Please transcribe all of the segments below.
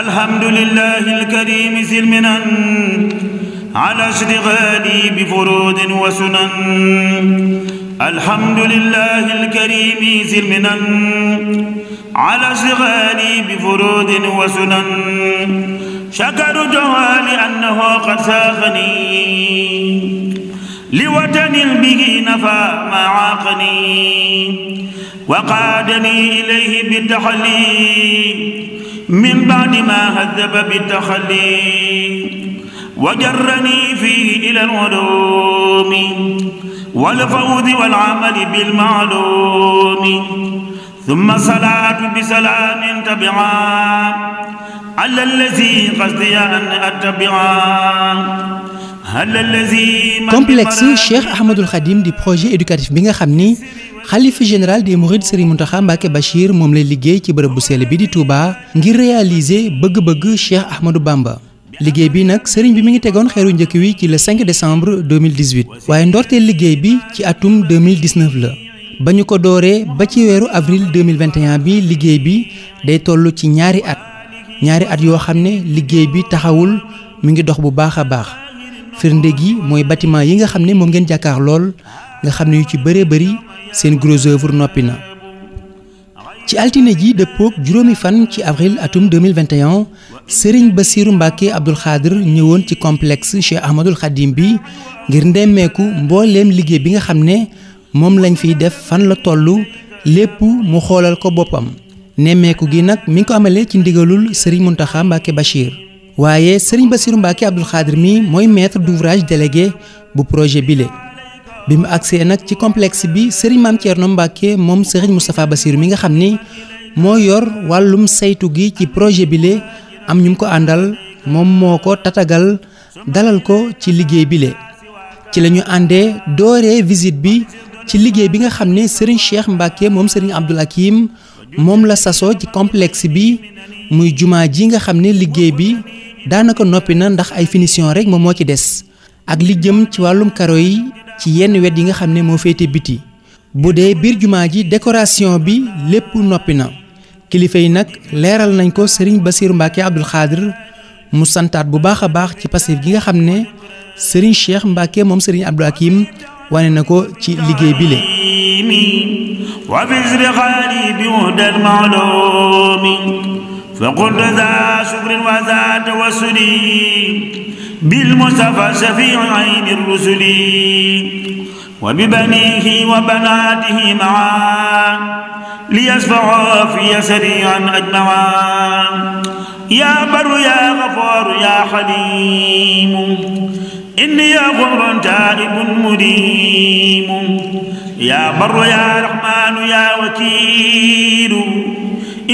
الحمد لله الكريم ذي المنن على اشتغالي بفروض وسنن الحمد لله الكريم ذي المنن على اشتغالي بفروض وسنن شكر جوالي أنه قد ساخني لوطن به نفى ما عاقني وقادني إليه بتحلي من بعد ما هذب بالتخلي وجرني فيه إلى العلوم والفوز والعمل بالمعلوم ثم صلاة بسلام تبعا على الذي قصدي أن أتبعا complexe Cheikh Ahmadul Khadim di projet éducatif bi nga xam ni xalifa général des Mourides Serigne Mountakha Mbacké Bachir moom lay liggéey ci bërëb bu sell bi di Touba ngir réaliser bëgg-bëgg Cheikh Ahmadou Bamba. liggéey bi nag sëriñ bi mi ngi tegoon xeeru njëkk wi ci le 5 décembre 2018 waaye ndorteel liggéey bi ci atum 2019 la ba ñu ko dooree ba ci weeru avril 2021 bi liggéey bi day toll ci ñaari at ñaari at yoo xam ne liggéey bi taxawul mi ngi dox bu baax a baax. firnde gi mooy bâtiment yi nga xam ne moom ngeen jàkkaar lool nga xam ne yu ci bëree bëri seen gros noppi na ci altine ji dëppook juróomi fan ci avril atum 2021 Serigne Bassirou Mbacké Abdoul Khadr ñëwoon ci complexe Cheikh Ahmadoul Khadim bi ngir ndemmeeku mbooleem liggéey bi nga xam ne moom lañ fiy def fan la toll lépp mu xoolal ko boppam nemmeeku gi nag mi ngi ko amalee ci ndigalul Serigne Mountakha Mbacké Bachir waaye sëriñ Bassirou Mbacké Abdoul Khadr mi mooy maître d'ouvrage délégué bu projet bile bi mu agsee nag ci complexe bi sëriñ Maam Thierno Mbacké moom sëriñ Moustapha Bassirou mi nga xam ni moo yor wàllum saytu gi ci projet bile am ñu ko àndal moom moo ko tatagal dalal ko ci liggéey bile ci la ñu àndee dooree visite bi ci liggéey bi nga xam ne sëriñ Cheikh Mbacké moom sëriñ Abdoul Hakim moom la sasoo ci complexe bi muy jumaa ji nga xam ne liggéey bi daanaka noppi na ndax ay finition rek moom moo ci des ak li jëm ci wàllum karo yi ci yenn wet yi nga xam ne moo féete biti bu dee biir jumaa ji décoration bi lépp noppi na kilifa yi nag leeral nañ ko Serigne Bassirou Mbacké Abdoul Khadr mu santaat bu baax a baax ci passif gi nga xam ne Serigne Cheikh Mbacké moom Serigne Abdou Hakim wane na ko ci liggéey bile wa fisri xaali bi wuhdal maaloomi fa qultu za shukrin wa za tawassuli bil mustafa shafi'i ayni rusuli wa bi banihi wa banatihi maa liyasfa'a fi yasri an ajmaa ya baru ya gafaru ya halimu inni yaa xurban taa'ibun mudiimu yaa barru yaa raxmaanu yaa wakiilu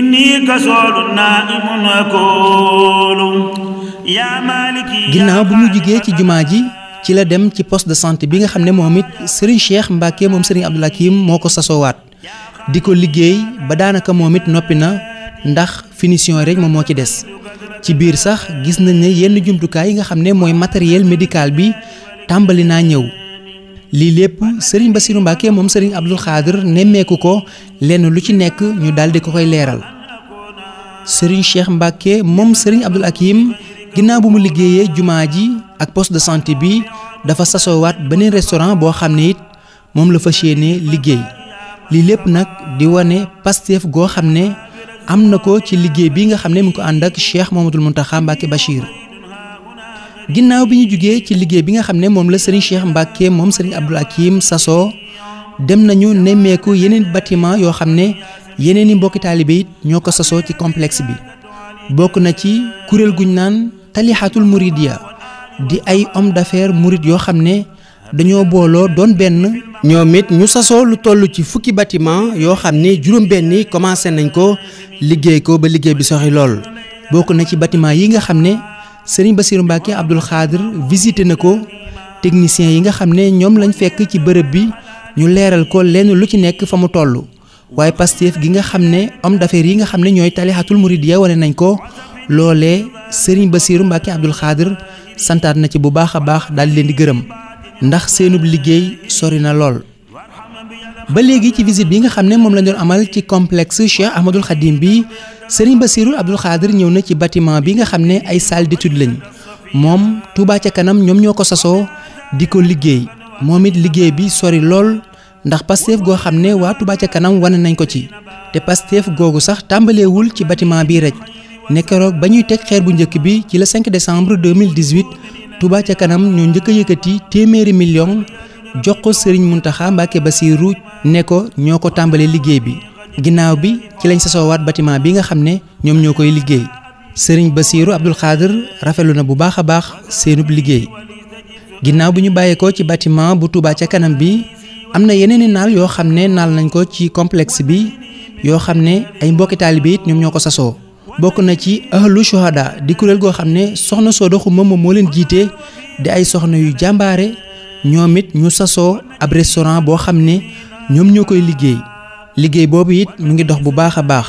inni kasoolu naa'imun akoolu yaa maaliki ginnaaw bu mu jugee ci jumaa ji ci la dem ci poste de santé bi nga xam ne moom it sëriñ Cheikh Mbacke moom sëriñ Abdoul Hakim moo ko sasoowaat di ko liggéey ba daanaka moom it noppi na ndax finition rek moom moo ci des. ci biir sax gis nañ ne yenn jumtukaay yi nga xam ne mooy matériel médical bi tàmbali naa ñëw lii lépp sëriñ Bassirou Mbacké moom sëriñ Abdou Khadr nemmeeku ko lenn lu ci nekk ñu daldi ko koy leeral sëriñ Cheikh Mbacké moom sëriñ Abdoul Hakim ginnaaw bu mu liggéeyee jumaa ji ak poste de santé bi dafa sasoowaat beneen restaurant boo xam ne it moom la fas yéene liggéey lii lépp nag di wane Pastef goo xam ne am na ko ci liggéey bi nga xam ne mi ngi ko ànd ak Cheikh Mouhamadoul Mountakha Mbacké Bachir ginnaaw bi ñu jugee ci liggéey bi nga xam ne moom la sëriñ Cheikh Mbacké moom sëriñ Abdoul Hakim sasoo dem nañu nemmeeku yeneen bâtiment yoo xam ne yeneen i mbokki taalibe it ñoo ko sasoo ci complexe bi bokk na ci kuréel guñ naan talixatul muridiya di ay homme d'affaires murid yoo xam ne dañoo booloo doon benn ñoom it ñu sasoo lu toll ci fukki bâtiment yoo xam ne juróom benn yi commencé nañ ko liggéey ko ba liggéey bi soxi lool bokk na ci bâtiment yi nga xam ne Serigne Bassirou Mbacké Abdoul Khadr visité na ko techniciens yi nga xam ne ñoom lañ fekk ci bërëb bi ñu leeral ko lenn lu ci nekk fa mu toll waaye Pastef gi nga xam ne om d'affaires yi nga xam ne ñooy Talihatul Mouridiyya wane nañ ko loolee Serigne Bassirou Mbacké Abdoul Khadr santaat na ci bu baax a baax daal di leen di gërëm ndax seenub liggéey sori na lool ba léegi ci visite bi nga xam ne moom lañ doon amal ci complexe Cheikh Ahmadul Khadim bi Serigne Bassirou Abdoul Khadir ñëw na ci bâtiment bi nga xam ne ay salle d'étude lañ moom Touba ca kanam ñoom ñoo ko sasoo di ko liggéey moom it liggéey bi sori lool ndax Pastef goo xam ne waa Touba ca kanam wane nañ ko ci te Pastef googu sax tàmbalewul ci bâtiment bii rek ne keroog ba ñuy teg xeer bu njëkk bi ci le 5 décembre 2018 Touba ca kanam ñoo njëkk a yëkkati téeméeri million jox ko sëriñ Muntaxa Mbàkke Basiiru ne ko ñoo ko tàmbalee liggéey bi ginnaaw bi ci lañ sasoowaat bâtiment bi nga xam ne ñoom ñoo koy liggéey sëriñ Basiiru Abdul Xaadir rafetlu na bu baax a baax seenub liggéey ginnaaw bi ñu bàyyee bàyyeekoo ci bâtiment bu Touba ca kanam bi am na yeneen i naaw yoo xam ne naal nañ ko ci complexe bi yoo xam ne ay mbokki taalibe it ñoom ñoo ko sasoo bokk na ci ahlu shuhada di kuréel goo xam ne soxna soo Xuma moom moo leen jiite di ay soxna yu jàmbaare ñoom it ñu sasoo ab restaurant boo xam ne ñoom ñoo koy liggéey liggéey boobu it mu ngi dox bu baax a baax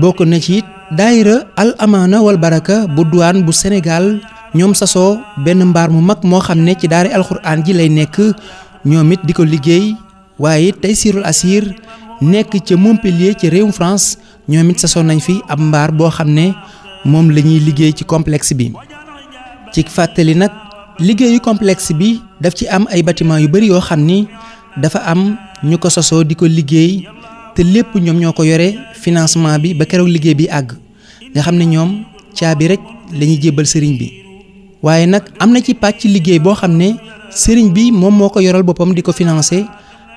bokk na ci it daayira al amaana wal baraka bu duwaan bu Sénégal ñoom sasoo benn mbaar mu mag moo xam ne ci daara alxuraan ji lay nekk ñoom it di ko liggéey waaye it tey Taysirul Asir nekk ca Montpellier ci réewum France ñoom it sasoon nañ fi ab mbaar boo xam ne moom la ñuy liggéey ci complexe bi ci fàttali nag liggéeyu complexe bi daf ci am ay bâtiment yu bari yoo xam ni dafa am ñu ko sasoo di ko liggéey te lépp ñoom ñoo ko yore financement bi ba keroog liggéey bi àgg nga xam ne ñoom caabi rek la ñuy jébbal sëriñ bi waaye nag am na ci pàcc liggéey boo xam ne sëriñ bi moom moo ko yoral boppam di ko financé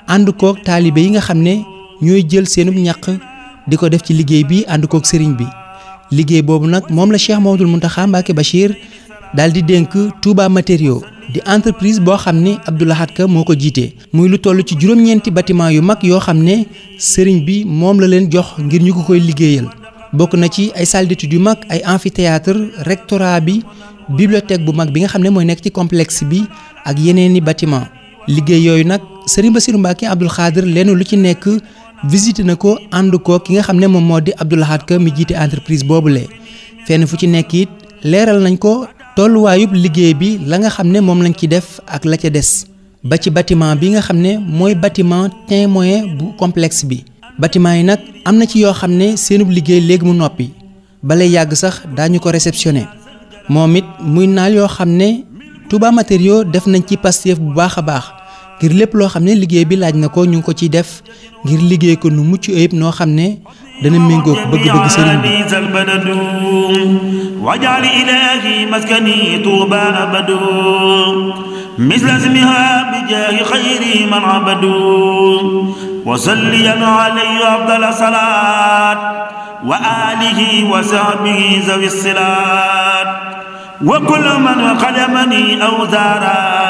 ànd koog taalibe yi nga xam ne ñooy jël seenub ñaq di ko def ci liggéey bi ànd kook sëriñ bi liggéey boobu nag moom la Cheikh Mamadou Mountakha Mbacké Bachir daal di dénk Touba Matériaux di entreprise boo xam ne Abdou Lahad Ka moo ko jiite. muy lu toll ci juróom-ñeenti bâtiment yu mag yoo xam ne sëriñ bi moom la leen jox ngir ñu ko koy liggéeyal bokk na ci ay salle yu mag ay amphithéâtre rectorat bi bibliothèque bu mag bi nga xam ne mooy nekk ci complexe bi ak yeneeni bâtiment liggéey yooyu nag sëriñ Bassirou Mbacké Abdoul leen lu ci nekk visité na ko ànd ko ki nga xam ne moom moo di Abdou Lahad Ka mi jiite entreprise boobule fenn fu ci nekk it leeral nañ ko tolluwaayub liggéey bi la nga xam ne moom lañ ci def ak la ca des ba ci bâtiment bi nga xam ne mooy bâtiment témoin bu complexe bi bâtiment yi nag am na ci yoo xam ne seenub liggéey léegi mu noppi balay yàgg sax daañu ko réceptionné moom it muy naal yoo xam ne Touba matério def nañ ci pastef bu baax a baax ngir lépp loo xam ne liggéey bi laaj na ko ñu ngi ko ciy def ngir liggéey ko nu mucc ayib noo xam ne dana méngoog bëgg-bëgg sëriñ bi wajal ilahi maskani tuuba abadu misla smiha bi jaahi xayri man abadu wa salliyan alayhi afdal wa alihi aw zaara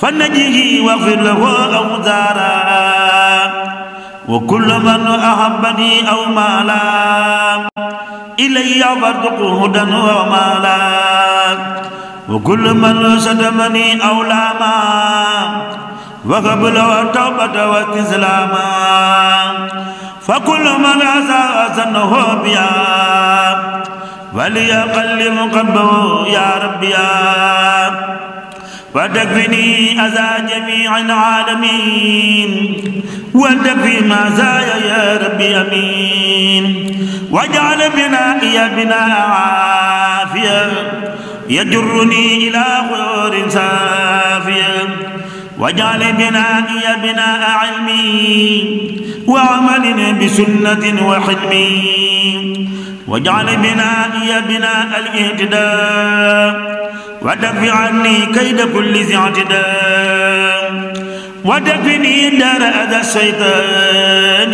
فنجيه واغفر له أوزارا وكل من أحبني أو مالا إلي فارتقه هدى ومالا وكل من شتمني أو لاما وقبل توبة واستسلاما فكل من أساء سنه بيا وليقلب قلبه يا ربي يا وتكفني أذى جميع العالمين وتكفي مزايا يا ربي أمين واجعل بنائي بناء عافية يجرني إلى غير سافية واجعل بنائي بناء علمي وعمل بسنة وحلمي واجعل بنائي بناء الاهتداء ودفع عني كيد كل ذي اعتداء ودفني دار أذى الشيطان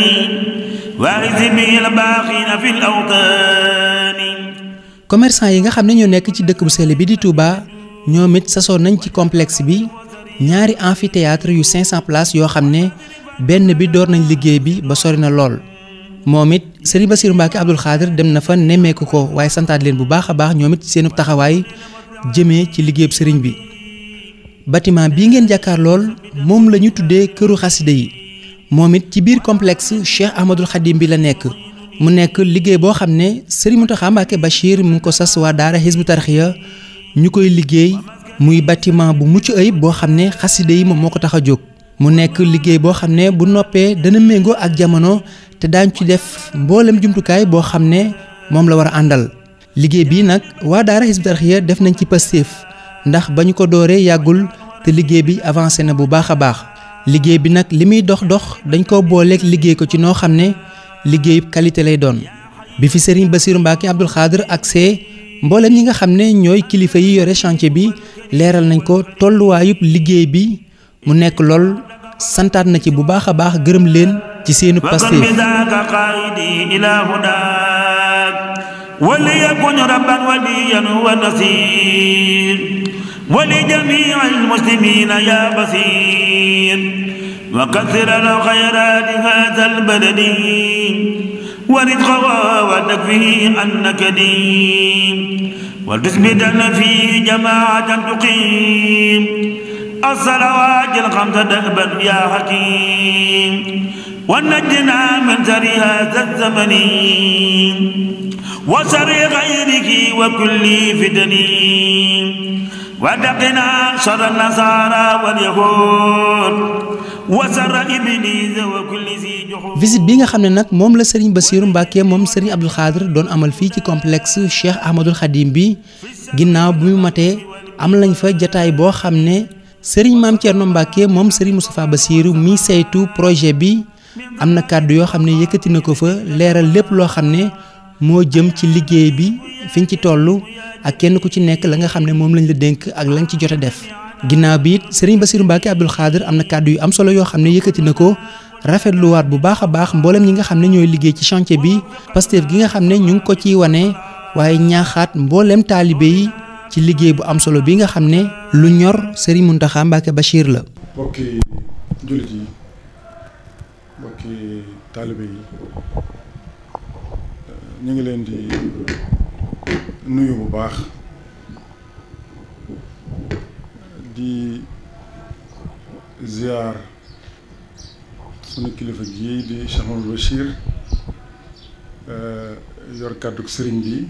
وأعزني الباخين في الأوطان commerçant yi nga xam ne ñoo nekk ci dëkk bu sell bi di Touba ñoom it sasoon nañ ci complexe bi ñaari amphithéâtre yu 500 places yoo xam ne benn bi door nañ liggéey bi ba sori na lool moom it Serigne Bassirou Mbacké Abdoul Khadir dem na fa nemmeeku ko waaye santaat leen bu baax a baax ñoom it seenu taxawaay jëmee ci liggéeyub sëriñ bi bâtiment bii ngeen jàkkaar lool moom la ñu tuddee këru xasida yi moom it ci biir complexe Cheikh Ahmadul Xadim bi la nekk mu nekk liggéey boo xam ne sëriñ Mountakha Mbacké Bachir mu ngi ko sas waa daara Hizbut Tarqiyyah ñu koy liggéey muy bâtiment bu mucc ayib boo xam ne xasida yi moom moo ko tax a jóg mu nekk liggéey boo xam ne bu noppee dana méngoo ak jamono te daañ ci def mbooleem jumtukaay boo xam ne moom la war a àndal liggéey bii nag waa daara Hizbut Tarqiyyah def nañ ci Pastef ndax ba ñu ko dooree yàggul te liggéey bi avancé na bu baax a baax liggéey bi nag li muy dox dox dañ ko booleek liggéey ko ci noo xam ne liggéey qualité lay doon bi fi Serigne basiiru Mbacké Abdoul Khadr ak see mboolem ñi nga xam ne ñooy kilifa yi yore chantier bi leeral nañ ko tolluwaayub liggéey bi mu nekk lool santaat na ci bu baax a baax gërëm leen ci seenu Pastef وليكن ربا وليا ونصير ولجميع المسلمين يا بصير وكثر الخيرات هذا البلد ورزقها وتكفيه عنك دين ولتثبتن فيه جماعة تقيم الصلوات الخمس دهبا يا حكيم ونجنا من شر هذا الزمن وشر غيره وكل فتن ودقنا شر النصارى واليهود وشر إبليس وكل ذي visite bi nga xam ne nag moom la Serigne Bassirou Mbacké moom Serigne Abdoul Khadr doon amal fii ci complexe Cheikh Ahmadoul Khadim bi ginnaaw bi mu matee am lañ fa jataay boo xam ne Serigne Mame Thierno Mbacké moom Serigne Moustapha Bassirou mi saytu projet bi am na kàddu yoo xam ne yëkkati na ko fa leeral lépp loo xam ne moo jëm ci liggéey bi fiñ ci toll ak kenn ku ci nekk la nga xam ne moom lañ la dénk ak lañ ci jot def. ginnaaw bi it Serigne Bassirou Mbacké Abdoul Khadir am na kàddu yu am solo yoo xam ne yëkkati na ko rafetluwaat bu baax a baax mbooleem ñi nga xam ne ñooy liggéey ci chantier bi Pastef gi nga xam ne ñu ngi ko ci wane waaye ñaaxaat mboolem taalibe yi ci liggéey bu am solo bi nga xam ne lu ñor Serigne Mountakha Mbacké Bachir taalibe yi ñu ngi leen di nuyu bu baax di ziar sunu kilifa gii di Cheikh Mamadou Bachir eh, yor sëriñ bi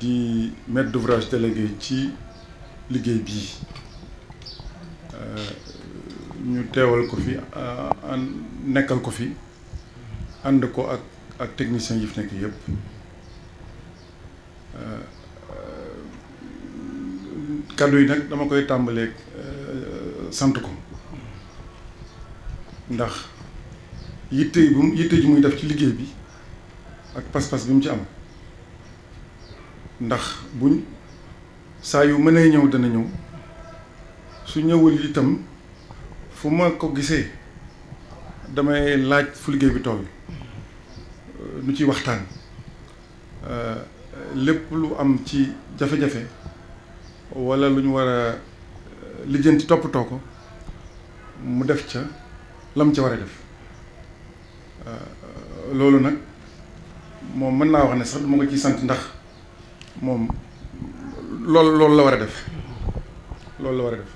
di maître d'ouvrage délégué ci liggéey bii eh, ñu teewal ko fi nekkal ko fi ànd ko ak ak technicien yi fi nekk yëpp euh, kàddu yi nag dama koy tàmbaleeg euh, sant ko ndax yitte bu yitte ji muy def ci liggéey bi ak pas-pas bi mu ci am ndax buñ saa yu mënee ñëw dana ñëw su ñëwul itam. fu ma ko gisee damay laaj fu liggéey bi toll nu ciy waxtaan euh, lépp lu am ci jafe-jafe walla lu ñu war a euh, lijjanti toppatoo ko mu def ca lam ca war a def euh, loolu nag moom mën naa wax ne sax dama ko ciy sant ndax moom loolu loolu la war a def loolu la war a def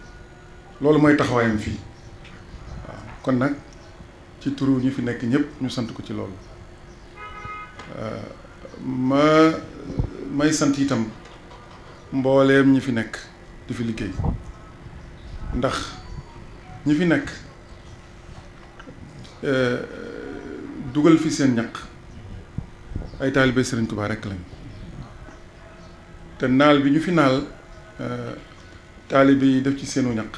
loolu mooy taxawaayam fii kon nag ci turu ñi fi nekk ñëpp ñu sant ko ci loolu euh, ma may sant itam mbooleem ñi fi nekk di fi liggéey ndax ñi fi nekk euh, dugal fi seen ñaq ay taalibe Sëriñ Tuubaa rekk lañ te naal bi ñu fi naal euh, taalibe yi def ci seenu ñaq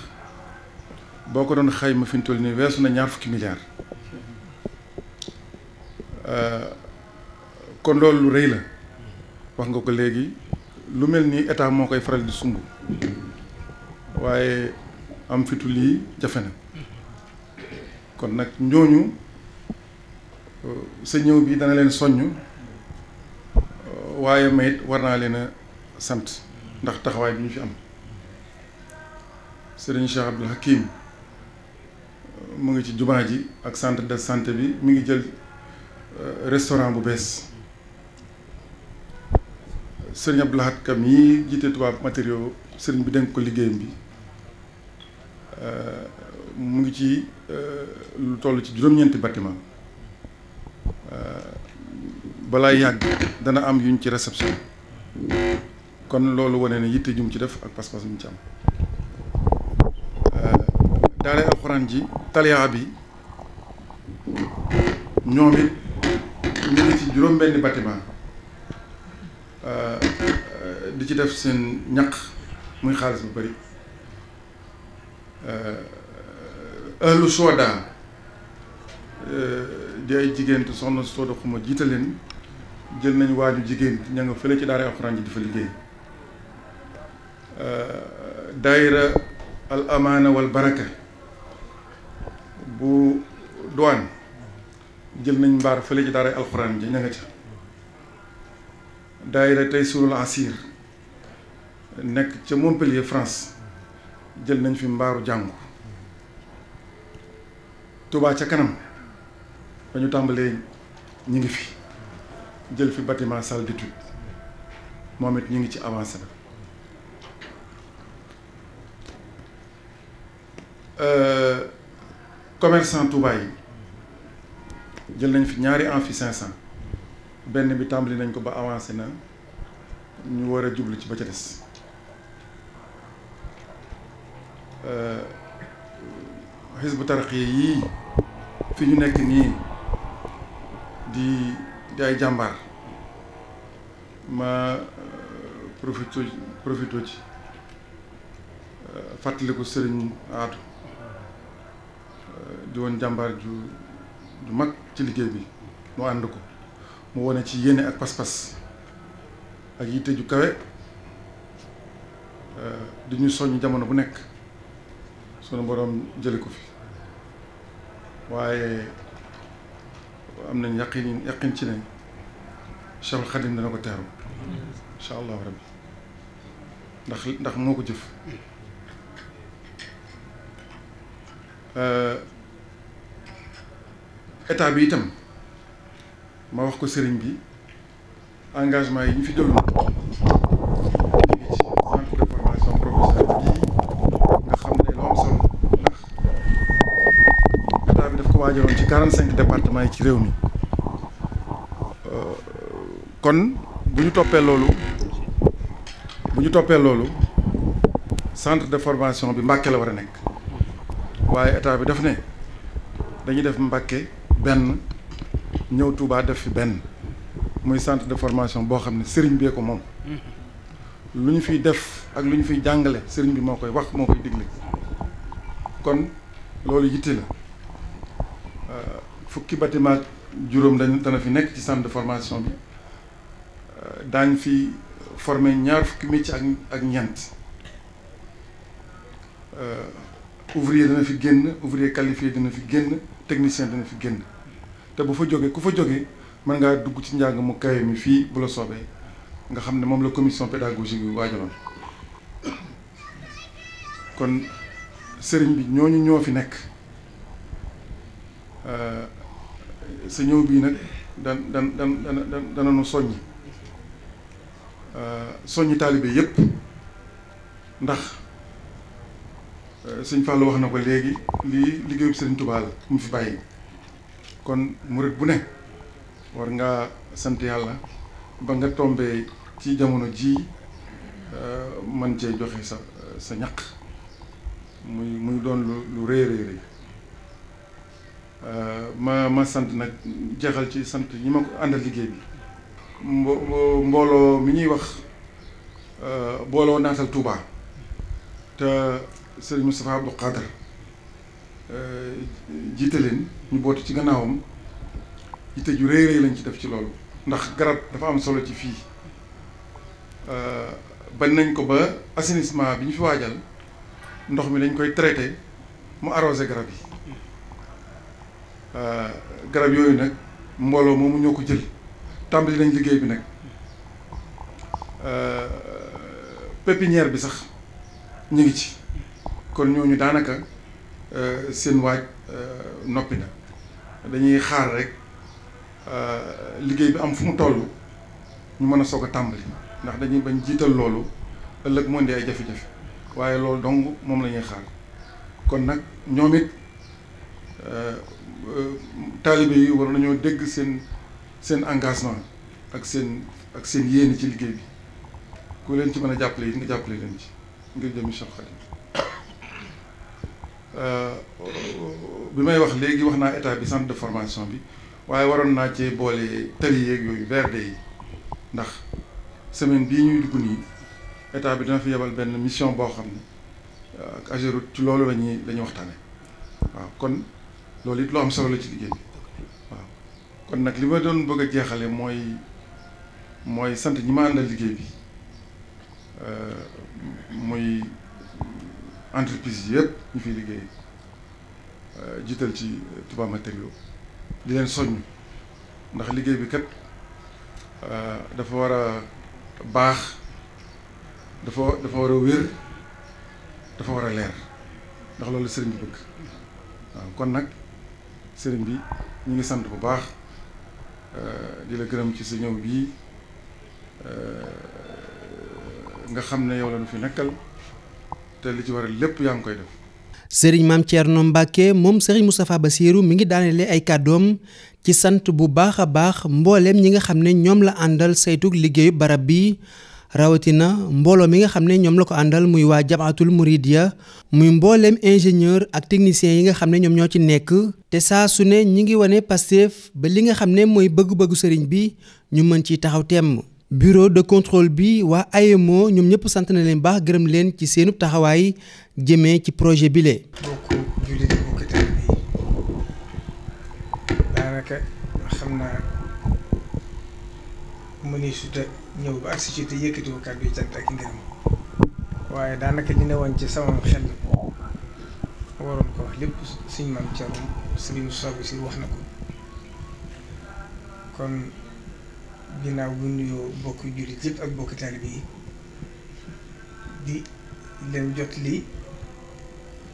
boo ko doon xayma fi toll nii weesu na ñaar fukki milliards euh, kon loolu rëy la wax nga ko léegi lu mel nii état moo koy faral di sumb waaye am fitul yi jafe na kon nag ñooñu euh, sa ñëw bi dana leen soññ waaye mayit war naa leen a sant ndax taxawaay bi ñu fi am Serigne Cheikh Abdoul Hakim mu ngi ci jubaa ji ak centre de santé bi mi ngi jël euh, restaurant bu bees sëriñ Abdou Lahad Kam mii jiite tubaab matériaux sëriñ bi dénk ko liggéeyam bi euh, mu ngi ci euh, lu toll ci juróom-ñeenti bâtiment balaa yàgg dana am yuñ ci réception kon loolu wane ne yitte jum ci def ak pas-pas yuñ ci am. ren ji Taliya bi ñoom it ñu ngi ci juróom-benni bâtiment euh, di ci def seen ñaq muy xaalis bu bari ëllu euh, sooda euh, di ay jigéen te soxna sooda xuma jiite leen jël nañu waaju jigéen ña nga fële ci daara alxuraan ji di fa liggéey daayira al amaana wal bu douane jël nañ mbaar fële ci daaray alxuraan ji ña nga ca daayira tey surul asir nekk ca Montpellier France jël nañ fi mbaaru jàngu Touba ca kanam ba ñu tàmbalee ñi ngi fi jël fi bâtiment salle d'étude moom it ñu ngi ci avancé commerçant Touba yi jël nañ fi ñaari fi amphi 500 benn bi tàmbali nañ ko ba avancé na ñu war a jublu ci ba ca des euh, bu tarqiya yii fi ñu nekk nii di di ay jàmbaar ma euh, profito profito ci euh, fàttaliku sëriñ aatu di woon jàmbaar ju ju mag ci liggéey bi mu ànd ko mu wone ci yéene ak pas-pas ak yitte ju kawe euh, di ñu soññ jamono bu nekk sunu boroom jële ko fi waaye am nañ yaqin yaqin ci ne Cheikhul Khadim dana ko teeru incha allahu rabbi ndax ndax moo ko jëf Euh, état bi itam ma wax ko sëriñ bi engagement yi ñu fi jëloon léegi ci centre de formation professionnelle bii nga xam ne lu solo ndax bi daf ko waajaloon ci quarante cinq départements yi ci réew mi euh, kon bu ñu toppee loolu bu ñu toppee loolu centre de formation bi Mbàkke la war a nekk. waaye état bi daf ne dañuy def Mbàkke benn ñëw Touba def fi benn muy centre de formation boo xam ne sëriñ bee ko moom mhm. lu ñu fi def ak lu ñu fiy jàngale sëriñ bi moo koy wax moo koy digle kon loolu yitte la fukki bâtiment juróom dañ dana fi nekk ci centre de formation bi daañ fi formé ñaar fukki métier ak ak ñeent ouvrier dana fi génn ouvrier qualifié dina fi génn technicien dana fi génn te bu fa jógee ku fa jógee mën ngaa dugg ci njàng mu kawe mi fii bu la soobee nga xam ne moom la commission pédagogique bi waajaloon kon sëriñ bi ñooñu ñoo fi nekk euh, sa ñëw bii nag dan dan dan dan dananu soññi euh, soññi taalibe yépp ndax Euh, sëñ Fallou wax na ko léegi lii liggéeyub sëriñ Touba la mu fi bàyyi kon murit bu ne war nga sant yàlla ba nga tombee ci jamono ji euh, man cee joxe sa sa ñaq muy muy doon lu lu rëy rëy euh, ma ma sant nag jeexal ci sant ñi ma ko àndal liggéey bi mbo mbooloo mi ñuy wax booloo naatal Touba sëriñ Moustapha Abdou Khadre euh, jiite leen ñu bootu ci gannaawam jiite ju rëy rëy lañ ci def ci loolu ndax garab dafa am solo ci fii euh, bañ nañ ko ba assainissement bi ñu fi waajal ndox mi dañ koy traité mu arrosé garab yi euh, garab yooyu nag mbooloo moomu ñoo ko jël tàmbali nañ liggéey bi nag pépinière bi sax ñu ngi ci kon ñooñu daanaka euh, seen waaj euh, noppi na dañuy xaar rek euh, liggéey bi am fu mu toll ñu mën a soog a tàmbali ndax dañuy bañ jiital loolu ëllëg moo indi ay jafe-jafe waaye loolu dong moom la ñuy xaar kon nag ñoom it taalibe yi war nañoo dégg seen seen engagement ak seen ak seen yéen ci liggéey bi ku leen ci mën a jàppale yi nga jàppale leen ci ngir jëm Seex Xaadim Euh, bi may wax léegi wax naa état bi centre de formation bi waaye waroon naa cee boole tëri yeeg yooyu verde yi ndax semaine bii ñuy dugg nii état bi dina fi yebal benn mission boo xam ne ak euh, Ageroute ci loolu la ñuy la ñuy waxtaane waaw kon loolu it loo am solo la ci liggéey bi waaw kon nag li ma doon bëgg a jeexale mooy mooy sant ñi ma àndal liggéey bi euh, muy entreprise yëpp ñu fiy liggéey euh, jiital ci Touba Matériaux di leen soññ ndax liggéey bi kat euh, dafa war a baax dafa dafa war a wér dafa war a leer ndax loolu sëriñ bi bëgg waaw kon nag sëriñ bi ñu ngi sant bu baax euh, di la gërëm ci sa ñëw bii nga xam ne yow la nu fi nekkal. lépp yaa ngi koy def. sëriñ maam Thierno Mbacke moom sëriñ Moustapha Bassirou mi ngi daanale ay kàddoom ci sant bu baax a baax mbooleem ñi nga xam ne ñoom la àndal saytug liggéeyu barab bi rawatina mbooloo mi nga xam ne ñoom la ko àndal muy waa jamaatul Mouridia muy mbooleem ingénieur ak technicien yi nga xam ne ñoom ñoo ci nekk te saa su ne ñi ngi wane Pastef ba li nga xam ne mooy bëgg-bëggu sëriñ bi ñu mën ci taxaw temm bureau de contrôle bi waa AEMO ñoom ñëpp sant na leen baax gërëm leen ci seenu taxawaay jëmee ci projet bi lee daanaka xam naa mu ni su te ñëw ba agsi ci te yëkkatiwu kàddu yi cant ak ngërëm waaye daanaka li ne woon ci sama xel waroon ko wax lépp suñ si wax na ko kon. ginnaaw bu nuyoo bokki jullit yëpp ak bokki taalibe yi di leen jot li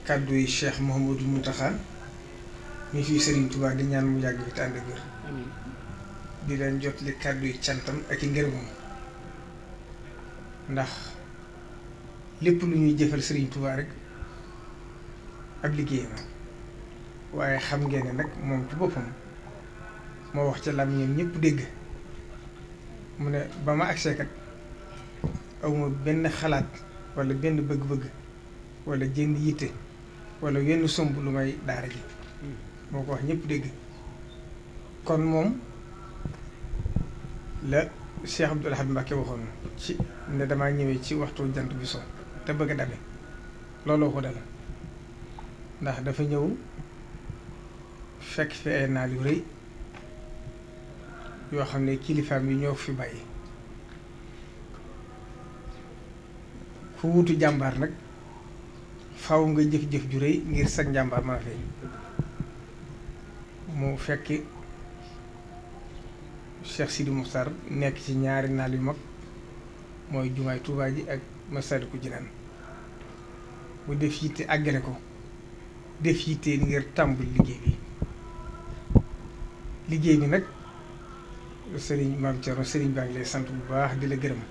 kàddu yi Cheikh Mouhamadou Mountakha mi fii Serigne Touba di ñaan mu yàgg fi te ànd di leen jot li kàddu yi cantam ak i ngërëmam ndax lépp lu ñuy jëfal Serigne Touba rek ab liggéey waaye xam ngeen ne nag moom ci boppam moo wax ca lam ñoom ñëpp dégg mu ne ba ma agseekat awma benn xalaat walla benn bëgg-bëgg wala jënd yitte walla yenn somb lu may daara ji moo ko wax ñëpp dégg kon moom la Cheikh Abdoul Ahad Mbacké waxoon ci ne damaa ñëwee ci waxtu jant bi so te bëgg a dabe looloo ko dal ndax dafa ñëw fekk fi ay naal rëy yoo xam ne kilifaam yi ñoo fi bàyyi ku wutu jàmbaar nag faw nga jëf-jëf ju réy ngir sag njàmbaar mën a mu fekki Cheikh Sidi Moustar nekk ci ñaari naal yu mag mooy jumaay Tuubaa ji ak Masaliku Jinaan bu def yitte àggale ko def yitte ngir tàmbul liggéey bi liggéey bi nag sëriñ maam Thierno sëriñ baa ngi lay sant bu baax di la gërëm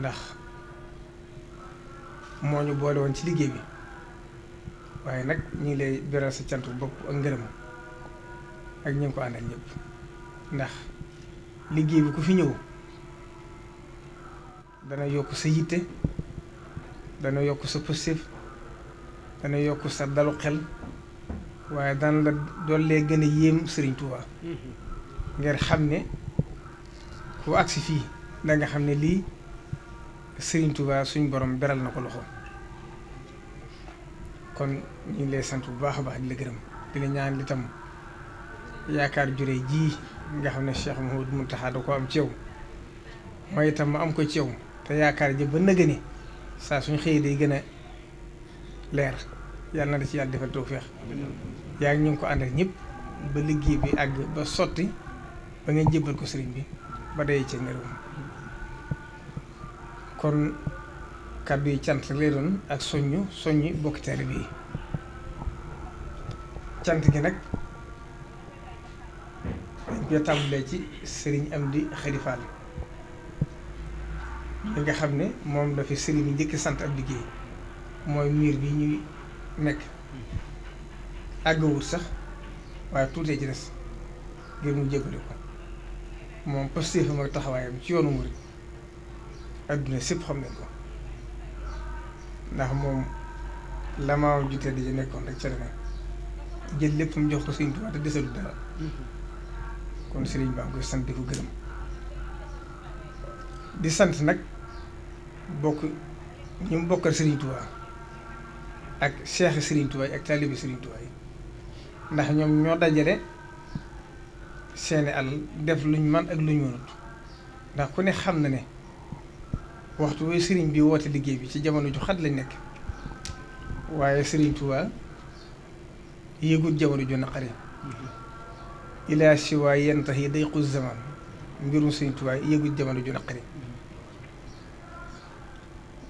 ndax moo ñu boole woon ci liggéey bi waaye nag ñu ngi lay beral sa cant bopp ak ngërëm ak ñu ngi ko àndal ñëpp ndax liggéey bi ku fi ñëw dana yokk sa yitte dana yokk sa positif dana yokk sa dalu xel waaye daan la doole gën a yéem Sëriñ Tuubaa mm-hmm. ngeen xam ne ku agsi fii da xam ne lii Serigne Touba suñ borom beral na ko loxo kon ñu ngi lay sant bu baax a baax di la gërëm di la ñaan yaakaar jure ji nga xam ne Cheikh Mouhamadou Mountakha da ko am ci yow mooy itam ma am ko ci yow te yaakaar ji ba nëgë ni saa suñ xëyee day gën a leer yàlla na da ci yàlla defal tawfeex yaa ngi ñu ngi ko ànd ak ñëpp ba liggéey bi àgg ba sotti. ba ngeen jébbal ko sëriñ bi ba day ci ngërëm kon kàddu cant lay doon ak soññu soññi bokki taalibe yi cant gi nag dañ koy tàmbalee ci sëriñ am di Fall li nga xam ne moom dafa sëriñ bi njëkk sant ab liggéey mooy miir bi ñuy nekk àggawut sax waaye tuutee ci des ngir mu jéggale ko moom pastéefam ak taxawaayam ci yoonu murit adduna sépp xam nañ ko ndax moom la maam ju tedd nekkoon rek ca la jël lépp mu jox ko Sëriñ Tuubaa te desalu dara kon sëriñ koy sant di ko gërëm di sant nag bokk ñu mu bokkal Sëriñ ak seexi Sëriñ ak taalibi Sëriñ Tuubaa ndax ñoom ñoo dajale seeni alal def luñ man ak luñ mënut ndax ku ne xam na ne waxtu wi sëriñ bi woote liggéey bi ci jamono ju xat lañu nekk waaye sëriñ Tuubaa yéegul jamono ju naqari ilaa si yi day xus zaman mbirum sëriñ Tuubaa jamono ju naqari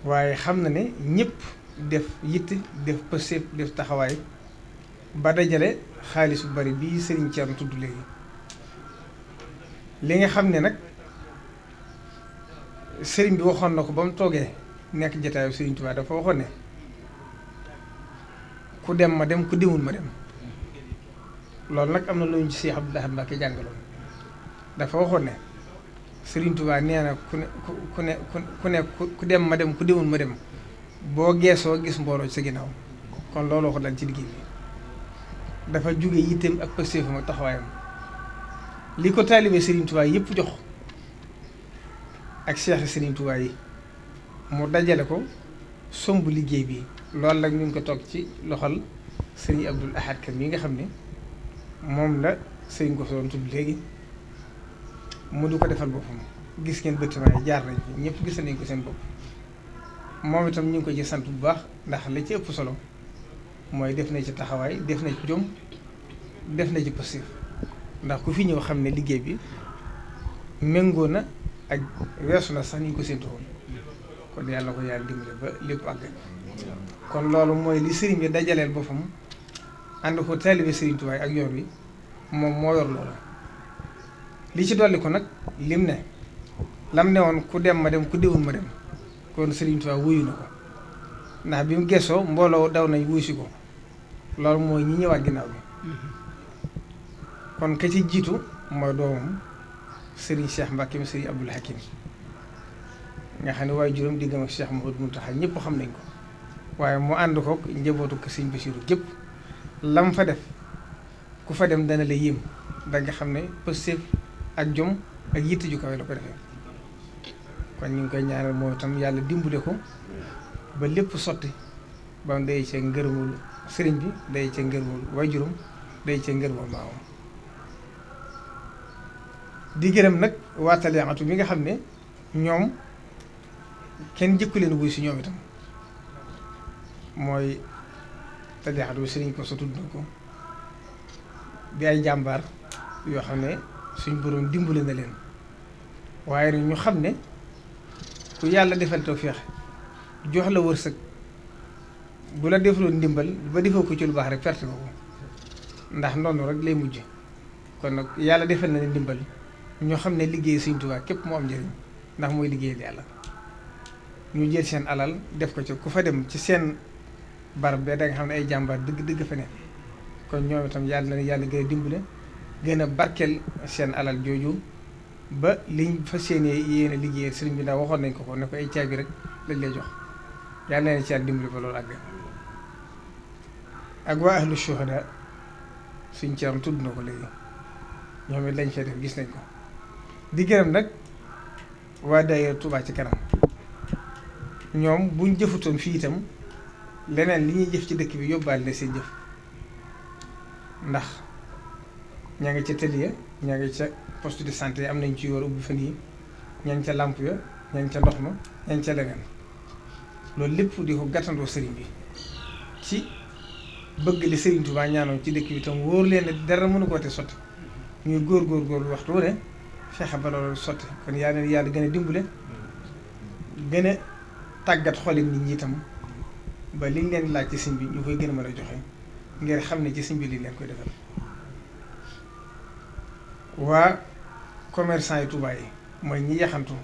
waaye xam na ne ñëpp def yitt def pëseeb def taxawaay ba dajale xaalis bu bari bii sëriñ Thierno tudd léegi li nga xam ne nag sëriñ bi waxoon na ko ba mu toogee nekk jataayu sëriñ Tuubaa dafa waxoon ne ku dem ma dem ku demul ma dem loolu nag am na lu ñu ci Cheikh Abdoulaye Mbacké jàngaloon dafa waxoon ne sëriñ nee na ku ne ku ne ku ku dem ma dem ku demul ma dem boo geesoo gis mbooloo ci sa ginnaaw kon loolu waxu dal ci liggéey bi dafa jóge yitteem ak pëstéefam ak taxawaayam li ko taalibe Serigne Touba yëpp jox ak seex Serigne tuwaay yi mu dajale ko somb liggéey bi loolu lag ñu ngi ko toog ci loxol Serigne Abdoul Ahad Ka mi nga xam ne moom la Serigne ko doon tudd léegi mu du ko defal boppam gis ngeen bâtiment yi jaar nañ fi ñëpp gis nañ ko seen bopp moom itam ñu ngi ko ci sant bu baax ndax la ci ëpp solo mooy def na ci taxawaay def na ci jom def na ci passif. ndax ku fi ñëw xam ne liggéey bi méngoo na ak weesu na sax ni ko séntu woon kon yàlla ko yàlla dimbale ba lépp àgg kon loolu mooy li sëriñ bi dajaleel boppam ànd ko taalibe sëriñ Tuubaa ak yoon bi moom moo yor loolu li ci dolli ko nag lim ne lam ne woon ku dem ma dem ku déwul ma dem kon sëriñ Tuubaa wuyu na ko ndax bi mu gesoo mbooloo daw nañ wuyu si ko loolu mooy ñi ñëwaat ginnaaw bi kon ka ci jiitu mooy doomam Serigne Cheikh Mbacke mi Serigne Abdoul Hakim nga xam ne waaye juróom diggam ak Cheikh Mouhamadou Mountakha ñëpp xam nañ ko waaye mu ànd koog njabootu ko Serigne Bassirou gépp fa def ku fa dem dana la yéem nga xam ne pëstéef jom ak yitte ju ko ñu ngi koy ñaanal moo itam yàlla dimbale ko ba lépp sotti ba day ca ngërëmul sëriñ bi day ca ngërëmul juróom day ca ngërëmul maamam di gërëm nag waa Talyaxatu bi nga xam ne ñoom kenn jëkku leen wuy si ñoom itam mooy Talyaxatu bi sëriñ ko sa tudd ko di ay jàmbaar yoo xam ne suñ boroom dimbale na leen waaye nag ñu xam ne ku yàlla defal feex jox la wërsëg bu la defaloon ndimbal ba defoo ko ci lu baax rek perte ko ko ndax noonu rek lay mujj kon nag yàlla defal na ne ndimbal ñoo xam ne liggéey Sëriñ Tuubaa képp moo am njëriñ ndax mooy liggéeyal yàlla ñu jël seen alal def ko ci ku fa dem ci seen barab be da xam ne ay jàmbaar dëgg dëgg fa ne kon ñoom itam yàlla na yàlla gën a dimbale gën a barkeel seen alal jooju ba liñ fa séenee yéen liggéeyal sëriñ bi ndax waxoon nañ ko ko ne ko ay rek lañ lay jox yàlla na ci yàlla dimbale ak waa ahlu shuhada suñ ceeram tudd na ko léegi ñoom it lañ fee def gis nañ ko di gërëm nag waa daayira Touba ci kanam ñoom buñ jëfutoon fii itam leneen li ñuy jëf ci dëkk bi yóbbaale na seen jëf ndax ñaa ngi ca tëliya ñaa ngi ca post de santé am nañ ci war ubbi fan yi ñaa ngi ca làmp ya ñaa ca ndox ma ñaa ngi leneen loolu lépp di ko gàttandoo sëriñ bi ci bëgg li sëriñ Touba ñaanoon ci dëkk bi tam wóor leen ne dara mënu ko te sotti ñuy góor góor góorlu waxtu wu ne fexe ba loolu sotti kon yaa neen yàlla gën a dimbale gën a tàggat xooli nit ñi itam ba liñ leen laaj ci sëñ bi ñu koy gën a mën a joxe ngir xam ne ci sëñ bi liñ leen koy defal waa commerçant yi tubaay yi mooy ñi yaxantu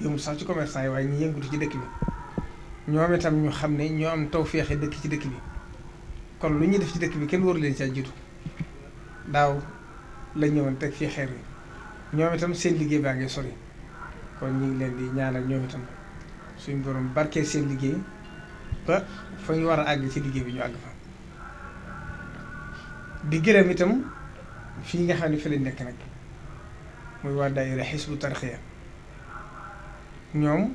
yëngu sax ci commerçant yi waaye ñi yëngutu ci dëkk bi ñoom itam ñu xam ne ñoo am taw féexe dëkk ci dëkk bi kon lu ñuy def ci dëkk bi kenn waru leen caa jiitu daaw la ñëwoon teg fii xeer yi ñoom itam seen liggéey baa ngi sori kon ñu leen di ñaanal ñoom itam suñ borom barkee seen liggéey ba fa ñu war a àgg ci liggéey bi ñu àgg fa di gërëm itam fii nga xam ne fi lañ nekk nag muy waa daayira Hizbut Tarqiyyah ñoom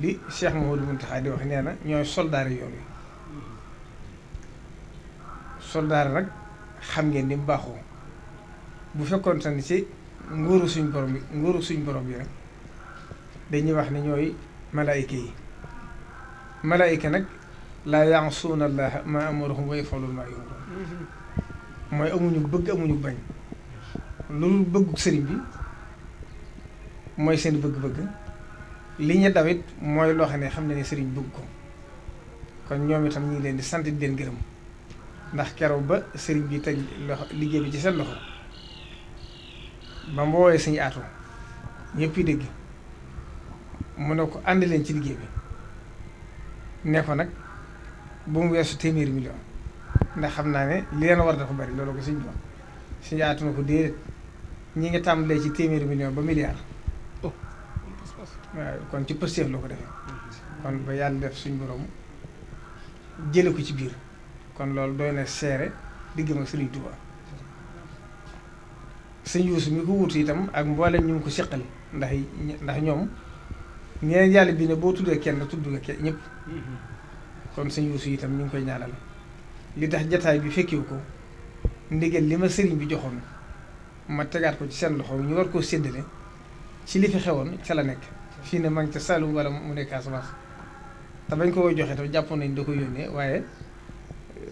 li Cheikh Mouhamadou Mountakha di wax nee na ñooy soldaari yoon wi soldaari nag xam ngeen ni mu baaxoo bu fekkoon ne ci. nguuru suñ borom bi nguuru suñ borom bi nag dañuy wax ni ñooy malaayika yi malaayika nag laa yaasuuna allaha ma amarahum wa yafaluuna maa yumaruun mooy amuñu bëgg amuñu bañ loolu bëggu sëriñ bi mooy seen bëgg-bëgg li ñu dawit mooy loo ne xam ne ne sëriñ bëgg ko kon ñoom itam ñu leen di sant di leen gërëm ndax keroo ba sëriñ bi teg loxo liggéey bi ci seen loxo ba mu woowee suñu aatu ñëpp yi dégg mu ne ko ànd leen ci liggéey bi ne ko nag bu mu su téeméeri million ndax xam naa ne li leen war dafa bari loolu ko suñu doon suñu aatu na ko déedéet ñi nga tàmbalee ci téeméeri million ba milliard oh waaw kon ci pëstéef loo ko defee kon ba yàlla def suñu borom jële ko ci biir kon loolu doy na seere diggam ak Sëriñ Tuubaa sëñ Yuusu mi ko wut itam ak mboolem ñu ngi ko seqal ndax ndax ñoom ñeneen yàlla bi ne boo tuddee kenn tudd nga kenn ñëpp kon sëñ Yuusu itam ñu ngi koy ñaanal li tax jataay bi fekkiwu ko ndigal li ma sëriñ bi joxoon ma tegaat ko ci seen loxo ñu war koo séddale ci li fi xewoon ca la nekk fii ne maa ngi ca Saloum wala mu nekk Casamance te bañ ko koy joxee tam jàppoon nañ da ko yónnee waaye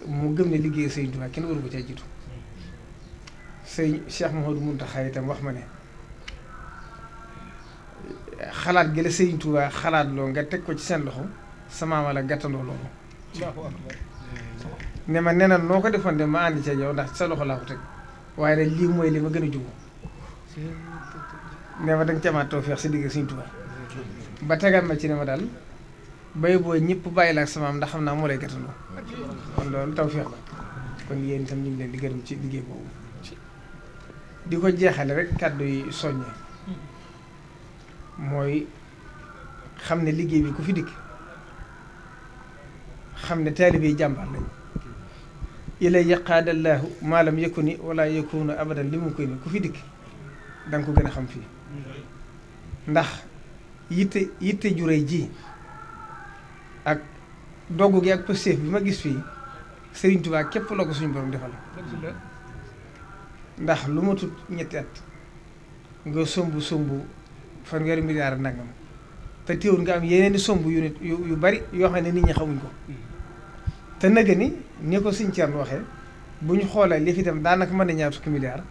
mu gëm ne liggéey sëriñ Tuubaa kenn waru ko caa jiitu sëñ Cheikh Mouhamadou Mountakha itam wax ma ne xalaat gi la sëñ Touba xalaat loo nga teg ko ci seen loxo sama maam la gàttandoo loolu ne ma nenal noo ko defoon de ma ànd ci yow ndax sa loxo laa ko teg waaye nag lii mooy li ma gën a jubu ne ma danga camaat tawfeex si digg sëñ Touba ba tegal ma ci ne ma daal bay boo ñëpp bàyyi la ak sama maam ndax xam naa moo lay gàttandoo kon loolu tawfeex la kon yéen itam ñu ngi leen di gërëm ci liggéey boobu di ko jeexale rek kàddu yi soññe mooy xam ne liggéey bi ku fi dikk xam ne taalibe yi jàmbaar lañ ilay yaqaadallaahu maalam yëkku ni wala yëkkunu abadan li mu koy ni ku fi dikk da ko gën a xam fii ndax yitte yitte juréy ji ak dogg gi ak pëstéef bi ma gis fii Sëriñ Tuubaa képp la ko suñu borom defal ndax lu ma tut ñetti at nga somb somb fanweeri nag nangam te teewul nga am yeneen i somb yu nit yu bari yoo xam ne nit ñi xamuñ ko te naga ni ni ko Sëñ Thierno waxee bu ñu xoolee li fi dem daanaka mën na ñaar fukki milliard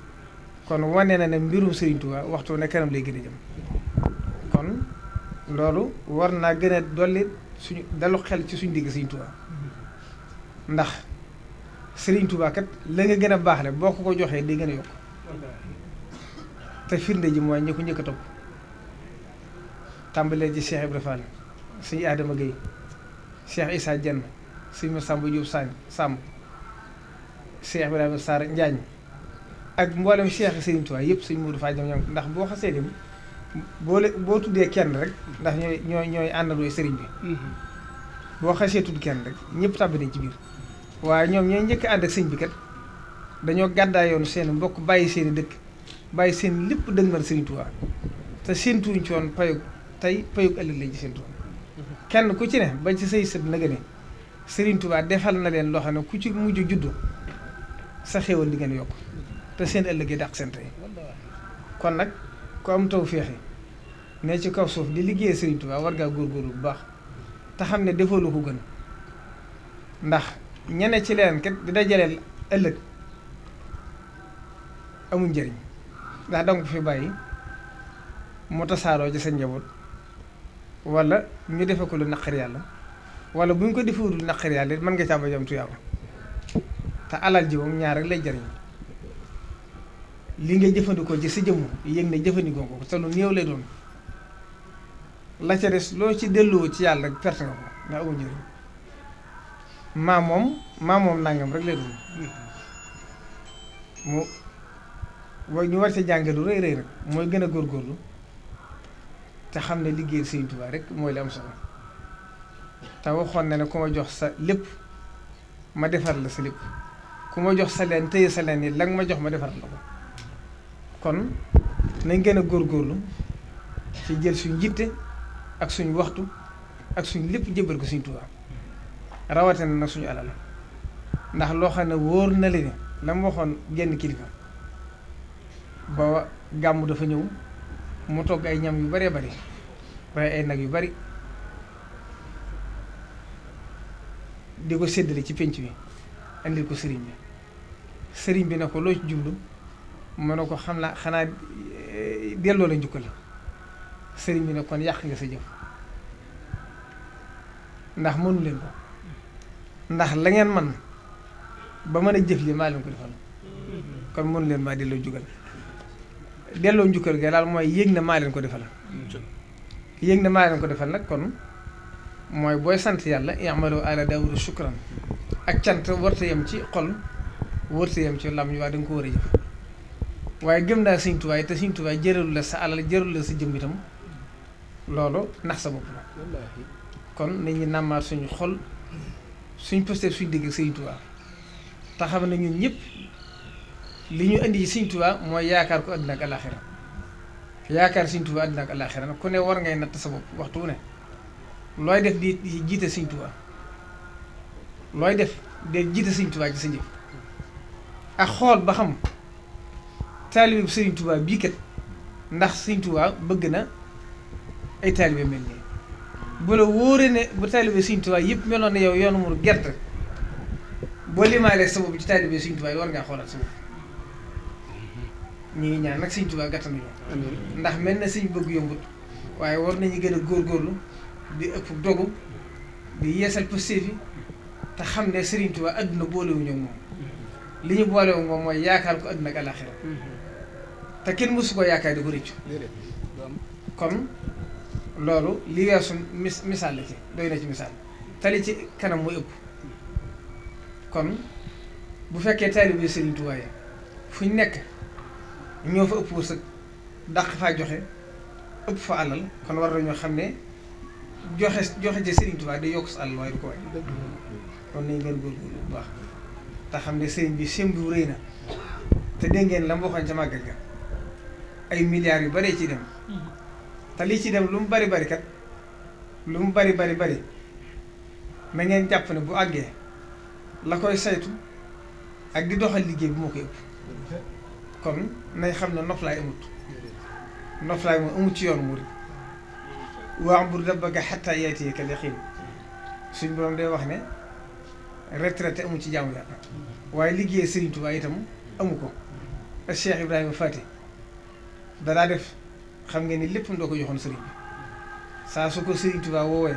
kon wane na ne mbirum Sëriñ Tuubaa waxtu ne kanam lay gën a jëm kon loolu war naa gën a dolli suñu dalu xel ci suñu digg Sëriñ Tuubaa ndax Serigne tubaakat kat nga gën a baax le boo ko ko joxee day gën a yokk te firnde ji mooy ñi ko njëkk a topp tàmbalee ji Cheikh Ibrahima Fall suñu Adama Gueye Cheikh Issa Dieng suñu Massamba Diouf Sane Samb Cheikh Ibrahima Sarr Njaañ ak mboolem Cheikh Serigne Touba yëpp suñu Mourou Fall ñoom ndax boo xasee dem boo le boo tuddee kenn rek ndax ñooy ñooy ñooy àndandoo Serigne bi mm-hmm. boo xasee tudd kenn rek ñëpp tàbbi nañ ci biir. waaye ñoom ñooy njëkk ànd ak sëñ bi kat dañoo gàddaayoon seen mbokk bàyyi seen dëkk bàyyi seen lépp dëgmal sëñ Tuubaa te séentuwuñ ci woon payug tey payug ëllëg lañ ci séentu kenn ku ci ne ba ci say sët nag ne sëriñ Tuubaa defal na leen loo ne ku ci mujj juddu sa xéwal di ngeen yokk te seen ëllëg yi dàq seen tey kon nag ku am taw féexe ne ci kaw suuf di liggéeyee sëriñ Tuubaa wargaa góor góorgóorlu bu baax te xam ne defoo lu ko gën ndax. ñene ci leen kat di dajaleel ëllëg amul njëriñ ndax danga ko fi bàyyi mu tasaaroo ci sa njaboot wala ñu defe ko lu naqar yàlla wala bu ñu ko defewul lu naqar yàlla mën nga caa ba jam tuyaaba te alal ji moom ñaar rek lay jariñ li nga jëfandikoo ci si jëmm yëg ne jëfandikoo ko te lu néew lay doon la ca des loo ci delloo ci yàlla perte nga ko ndax amul njëriñ maa moom maa nangam rek la dul mu wa ñu war si jànge lu rëy rëy rek mooy gën a góor góorlu te xam ne liggéey Sëriñ Tuubaa rek mooy li am solo te waxoon na ne ku ma jox sa lépp ma defar la sa lépp ku ma jox sa leen téye sa leen yi la ma jox ma defar la ko kon nañ gën a góor góorlu ci jël suñ jitte ak suñu waxtu ak suñ lépp jëbal ko Sëriñ Tuubaa rawatina na suñu alal ndax loo xam ne wóor na leen la mu waxoon genn kilifa ba gàmm dafa ñëw mu togg ay ñam yu baree bari waaye ay nag yu bari di ko séddale ci pénc bi indil ko sëriñ bi sëriñ bi ne ko loo ci jublu mu ne ko xam naa xanaa eh, delloo la njukkal sëriñ bi ne kon yàq nga sa jëf ndax mënu ko ndax la ngeen man ba mën a jëf li maa leen ko defal kon mënu leen maa delloo jógal delloo njukkal ga daal mooy yéeg na maa leen ko defal yéeg na maa leen ko defal nag kon mooy booy sant yàlla i'malu ala Daawuda shukran ak cant warta yem ci xol warta yem ci lam ñu waa da ko war a jëf waaye daal naa Sëñ Tuubaa te Sëñ Tuubaa jëralu la sa alal jëralu la sa jëm itam loolu nax sa bopp la kon nit ñi nàmmaat suñu xol suñ posté suñ digg Sëriñ Tuubaa te xam ne ñun ñëpp li ñu indi ci Sëriñ Tuubaa mooy yaakaar ko àddina ak alaaxira yaakaar Sëriñ Tuubaa àddina ak alaaxira ku ne war ngay natt sa bopp waxtu wu ne looy def di jiite Sëriñ Tuubaa looy def de jiite Sëriñ Tuubaa ci sa ak xool ba xam taalibe Sëriñ Tuubaa bii kat ndax Sëriñ Tuubaa bëgg na ay taalibe mel nii bu la wóoree ne bu taalibe Sëriñ Tuubaa yëpp meloon na yow yoonu mu gerte boo limaale sa bopp ci taalibe Sëriñ Tuubaa yi war ngaa xoolaat sa bopp ñu ngi ñaan nag Sëriñ Tuubaa gàttal ñu ndax mel na suñ bëgg yombut waaye war nañu gën a góor góorlu di ëpp dogu di yeesal pëstéef te xam ne Sëriñ Tuubaa àdduna boolewuñu moom li ñu boolewu moom mooy yaakaar ko àdduna ak mhm. te kenn mësu ko yaakaar di ko rëccu kon loolu li weesu mis misaal la ci doy na ci misaal tali ci kanam muy ëpp kon bu fekkee taalibe Sëriñ Tuubaa yi fu ñu nekk ñoo fa ëpp wërsëg dàq faa joxe ëpp fa alal kon war nañoo xam ne joxe joxe ci Sëriñ Tuubaa day yokk sa alal waaye du ko wàññi kon nañ ngeen góorgóorlu bu baax te xam ne sëriñ bi sëmb bu rëy na te dégg ngeen la mu waxoon ca màggal ga ay milliards yu bare ci dem te lii ci dem lu mu bari bari kat lu mu bari bari bari na ngeen jàpp ne bu àggee la koy saytu ak di doxal liggéey bi moo koy ëpp kon nañ xam ne noflaay amut noflaay moom amut ci yoon murid wa'bud rabbaka hattaa ya'tiyakal yaqiin suñ borom day wax ne retraité amu ci jaamu yàlla waaye liggéey Sëriñ Tuubaa itam amu ko Cheikh Ibrahima Fati danaa def xam ngeen ni lépp ndoo ko joxoon sëriñ bi saa su ko sëriñ Tuubaa woowee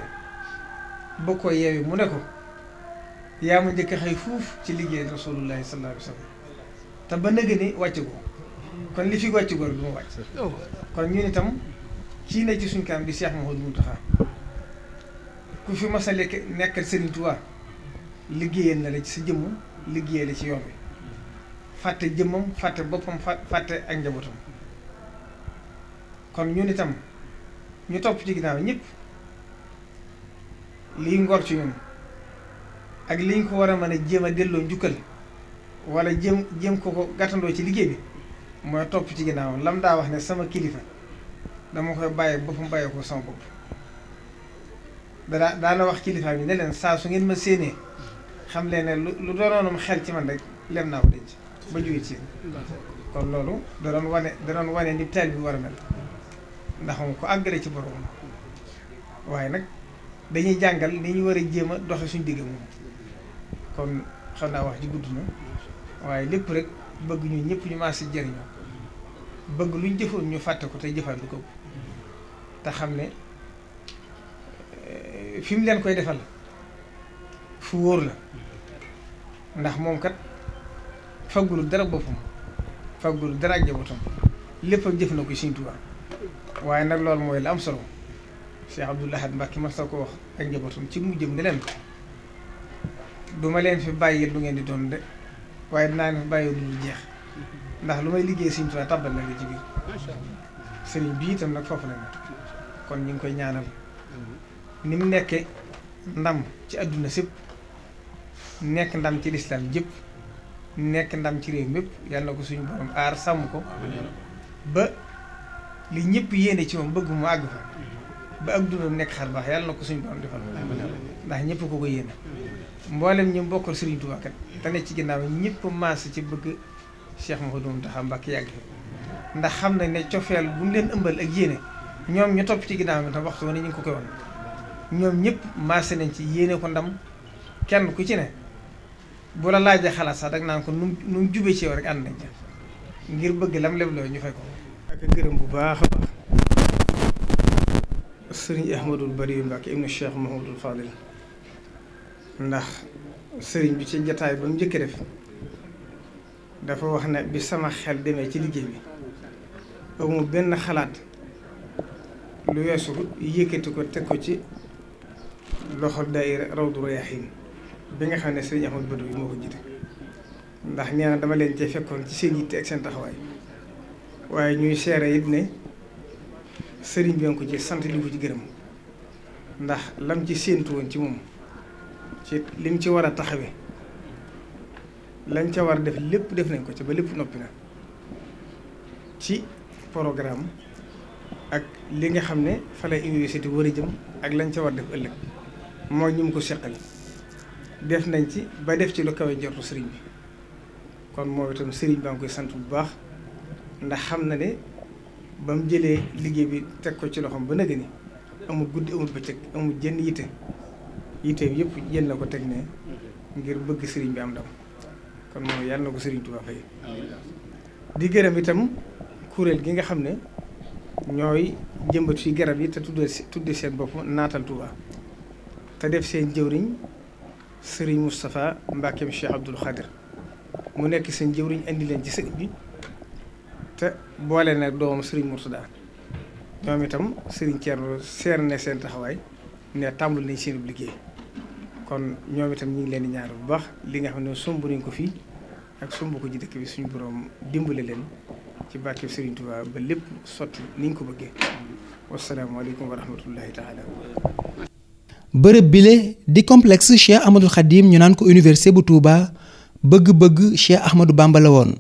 boo ko yeewee mu ne ko yaa ma njëkk a xëy fuuf ci liggéey rasulullahi sallallahu alayhi wa sallam te ba nëgë ni wàcc ko kon li fi wàcc ko rek du ma wàcc oh. kon ñun itam kii ne ci suñ kanam di Cheikh Mouhamadou Mountakha ku fi mas a lekk nekkal sëriñ Tuubaa liggéeyal na la ci sa jëmm liggéeyal la ci yoon bi fàtte jëmmam fàtte boppam fàtte ak njabootam kon ñun itam ñu topp ci ginnaaw ñépp liy ngor ci ñun ak liñ ko war a mën a jéem a delloo njukkal wala jéem jéem ko ko gàttandoo ci liggéey bi mooy topp ci ginnaaw lam daa wax ne sama kilifa dama koy bàyyi boppam bàyyi ko sama bopp danaa daana wax kilifa bi ne leen saa su ngeen ma séenee xam leen lu lu doonoonum xel ci man rek lem naa ko denc ba ci yéen kon loolu da doon wane da doon wane ni taal bi war a mel ndax moom ko àggale ci borom waaye nag dañuy jàngal ni ñu war a jéem a doxe suñu digg moom kon xam naa wax ji gudd na waaye lépp rek bëgg ñu ñëpp ñu maas si jëriñoo bëgg luñ jëfoon ñu fàtte ko tey jëfandu ko te xam ne eh, fi leen koy defal fu wóor la ndax moom kat faggulu dara boppam faggulu dara ak njabootam lépp ak jëf na ko Sëriñ Tuubaa waaye nag loolu mooy la am solo Cheikh Abdoul Ahad Mbacké mas ko wax ak njabootam ci mu jëm ne leen du ma leen fi bàyyi lu ngeen di doon de waaye naa leen fi bàyyi lu jeex ndax lu may liggéey Sëriñ Tuubaa tàbbal na nga ci biir sëriñ bi itam nag foofu la ne kon ñu ngi koy ñaanal ni mu nekkee ndam ci àdduna sépp nekk ndam ci lislaam jëpp nekk ndam ci réew mépp yàlla na ko suñu borom aar sàmm ko ba li ñëpp yéene ci moom bëgg mu àgg fa ba ak dundam nekk xar baax yàlla na ko suñu borom defal ndax ñëpp ko ko yéene mboolem ñu bokkal Serigne Touba kat te ne ci ginnaaw ñëpp maas ci bëgg Cheikh Mouhamadou Mountakha Mbacké yàgg fi ndax xam nañ ne cofeel bu ñu leen ëmbal ak yéene ñoom ñu topp ci ginnaaw tam waxtu woon ñu ko koy wan ñoom ñëpp maas nañ ci yéene ko ndam kenn ku ci ne bu la laajee xalaat sax dag naan ko nu nu mu jubee ci yow rek ànd nañ ca ngir bëgg lam lebloo ñu fay ko. te gërëm bu baax a baax sëriñ Ahmadul Bari Mbàkke ibnu Cheikh Mahamadul Fadil ndax sëriñ bi ci jataay ba mu njëkk def dafa wax ne bi sama xel demee ci liggéey bi amul benn xalaat lu weesu yëkkati ko teg ko ci loxo daayira Rawdu Rayaahiin bi nga xam ne sëriñ Ahmadul Bari moo ko jiite ndax nee dama leen cee fekkoon ci seen yitte ak seen taxawaay waaye ñuy seere it ne sëriñ bi ko ci sant li ko ci gërëm ndax lam ci séentu woon ci moom ci lim ci war a taxawe lañ ca war def lépp def nañ ko ci ba lépp noppi na ci programme ak li nga xam ne fale la war a jëm ak lañ ca war def ëllëg mooy ñu mu ko seqal def nañ ci ba def ci lu kawe njortu sëriñ bi kon moo itam sëriñ baa ngi koy sant bu baax ndax xam na ne ba mu jëlee liggéey bi teg ko ci loxoom ba nëgë ni amul guddi amul bëccëg amul jënn yitte yitte bi yëpp jël na ko teg ne ngir bëgg sëriñ bi am ndam kon moom yàlla na ko sëriñ Tuubaa fay di gërëm itam kuréel gi nga xam ne ñooy jëmbët fi garab yi te tudde seen bopp naatal Touba te def seen jëwriñ sëriñ Moustapha Mbackeem Cheikh Abdoul Khadir mu nekk seen jëwriñ indi leen ci sëriñ bi te boole nag doomam Serigne Mourtada ñoom itam Serigne Thierno seer na seen taxawaay ne tàmbul nañ seen liggéey kon ñoom itam ñu leen ñaar bu baax li nga xam ne sumb nañ ko fii ak sumb ko ji dëkk bi suñu borom dimbale leen ci barkeb Serigne Touba ba lépp sotti niñ ko bëggee wasalaamaaleykum wa rahmatullahi taala di complexe Cheikh Ahmadou Khadim ñu naan ko université bu Touba bëgg-bëgg Cheikh Ahmadou Bamba la woon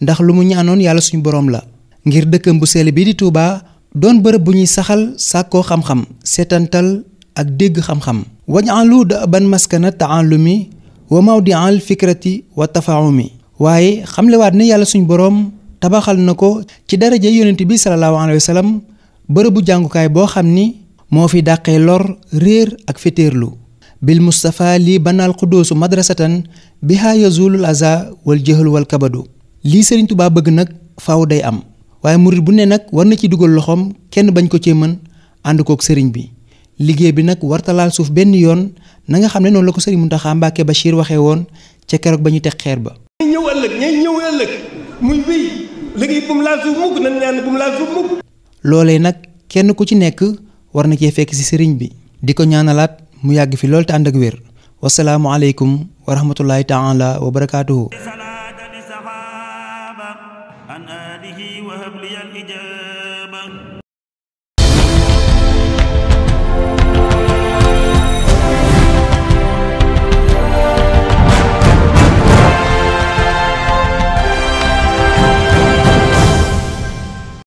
ndax lu mu ñaanoon yàlla suñu boroom la ngir dëkkam bu seele bii di Touba doon bërëb bu ñuy saxal sàkkoo xam-xam seetantal ak dégg xam-xam waj'alu da'ban maskana ta'allumi wa mawdi'al fikrati wa tafahumi waaye xamlewaat ne yàlla suñu boroom tabaxal na ko ci daraja yonent bi sallallahu alayhi wa bërëbu jàngukaay boo xam ni moo fi dàqee lor réer ak fétéerlu bil mustapha lii banaal xuddoosu madrasatan biha yazulul aza wal jëhlu wal kabadu lii sëriñ Tuubaa bëgg nag faaw day am waaye murit bu ne nag war na ci dugal loxoom kenn bañ ko cee mën ànd kook sëriñ bi liggéey bi nag wartalaal suuf benn yoon na nga xam ne noonu la ko sëriñ Muntaxa Mbàkke Bachir waxe woon ca keroog ba ñu teg xeer ba. ñay ñëw ëllëg ñay ñëw ëllëg muy béy liggéey bu mu laal suuf mukk nañ ñaan bu mu laal suuf mukk. loolee nag kenn ku ci nekk war na cee fekk ci sëriñ bi. di ko ñaanalaat mu yàgg fi lool te ànd ak wér wasalaamualeykum wa rahmatullahi taala wa